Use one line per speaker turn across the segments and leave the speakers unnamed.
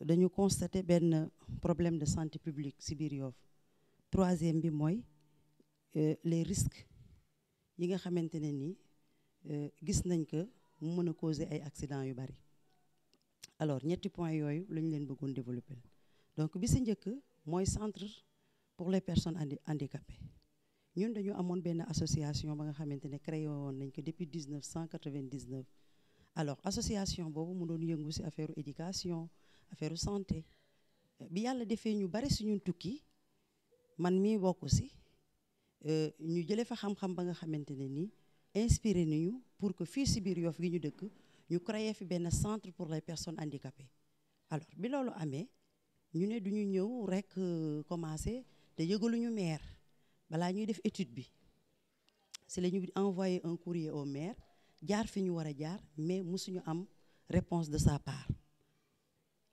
dañu constater ben problème de santé publique ci biir troisième bi mooy euh, les risques yi nga xamante ne euh, gis nañ que mu mën a causer ay accidents yu bari alors ñetti point yooyu la leen bëggoon développer donc bi ci njëkk mooy centre pour les personnes handicapées ñun dañu amoon benn association ba nga xamante ne créé woon nañ ko depuis 1999 alors association boobu mu doon yëngu ci affaire éducation affaire santé bi yalla defee ñu bari suñu tukki man mii ci euh ñu jëlé fa xam-xam ba nga xamante ne inspiré ñu pour que fi ci biir yof gi ñu dëkk ñu créer fi ben centre pour les personnes handicapées alors bi lolu amé, ñu ne duñu ñëw rek euh, commencé te ñu maire bala ñuy def étude bi C'est la ñu un courrier au maire jaar fi ñu wara a jaar mais musuñu am réponse de sa part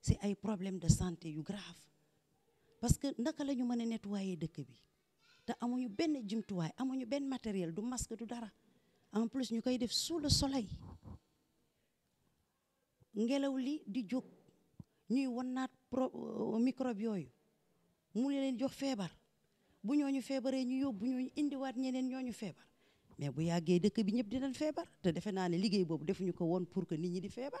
si ay problème de santé yu grave parce que naka lañu ñu mën a nettoyer dëkk bi te amuñu benn jumtuwaay amuñu benn matériel du masque du dara en plus ñu koy def sous le soleil ngelaw li di jóg ñuy wannaat pro euh, microbe yooyu mu leen jox feebar bu ñu feebaree ñu yóbbu ñu indiwaat ñeneen ñoo ñu feebar mais bu yàggee dëkk bi ñëpp dinan feebar te defe naa ne liggéey boobu ñu ko woon pour que nit ñi di feebar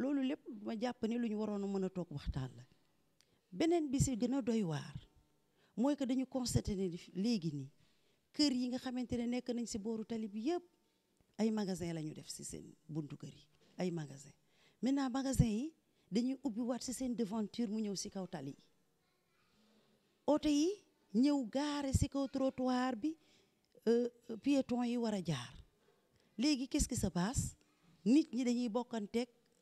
loolu lépp ma jàpp ne lu ñu waroon a mën a toog waxtaan la beneen bi si gën a doy waar mooy que dañu constaté ne léegi nii kër yi nga xamante ne nekk nañ si booru tali bi yëpp ay magasin la ñu def si seen buntu kër yi ay magasin maintenant magasin yi dañuy ubbi waat si seen devanture mu ñëw si kaw tali yi oto yi ñëw gaare si kaw trotoire bi euh, piéton yi war a jaar léegi qu'est-ce nit ñi dañuy bokkanteek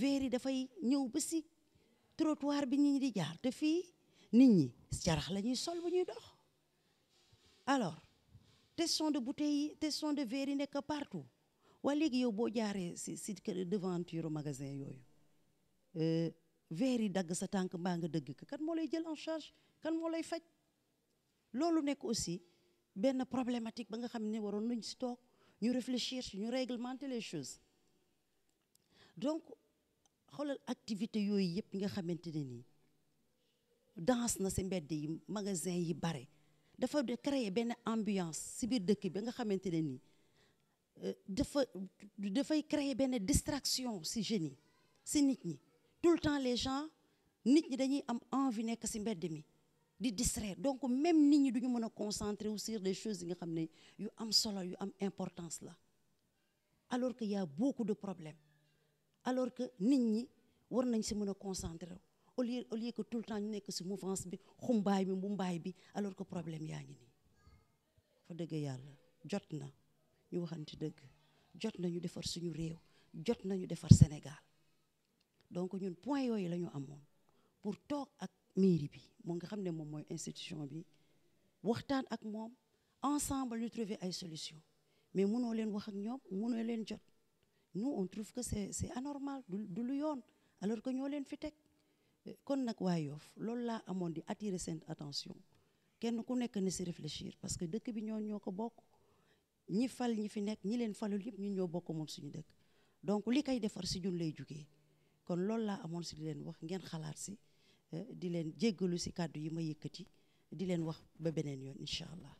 verre da fay ñëw ba ci trottoir bi ñi di jaar te fi nit ñi carax lañuy sol bu ñuy dox alors tesson de bouteilles, tes tesson de verre yi nekk partout wa léegi yow boo jaaree ci devant devanture magasin euh verre dag sa tank ba nga deug kan moo lay jël en charge kan moo lay faj loolu nekk aussi ben problématique ba nga xamné waron waroon ci tok ñu réfléchir ñu réglementer les choses donc xoolal activité yooyu yëpp nga xamante ni danse na si mbedd yi magasin yi bare dafa de créer benn ambiance si biir dëkk bi nga xamante ni, euh, dafa dafay créer benn distraction si génie, yi si nit ñi tout le temps les gens nit ñi dañuy am envie nekk si mbedd mi di distraire donc même nit ñi duñu mën a concentrer wu sur des choses yi nga xam ne yu am solo yu am importance la alors que y a beaucoup de problèmes alors que nit ñi war nañ ci mëna concentrer au lieu au lieu que tout le temps ñu nek ci mouvance bi xumbaay bi mumbaay bi alors que problème yaa ngi nii fa deug yalla jotna ñu waxanti deug jotna ñu défar suñu réew jotna ñu défar Sénégal donc ñun point yoy lañu ñu pour tok ak mairie bi mo nga xamné mom moy institution bi waxtaan ak mom ensemble ñu trouver ay solution mais mënoo leen wax ak ñom mënoo leen jot nous on trouve que c'est c'est anormal du lu yoon alors que ñoo leen fi tek eh, kon nak wayof lool la amone di attirer cette attention kenn ku nek na se réfléchir parce que dëkk bi ñoo ñoko bokk ñi fal ñi fi nek ñi leen falul yëpp ñu ñoo bokk moom suñu dëkk donc li kay défar si ñun lay jugee kon lool la amone si di leen wax ngeen xalaat si eh, di leen jéggalu si kàddu yi ma yëkkati di leen wax ba beneen yoon inshallah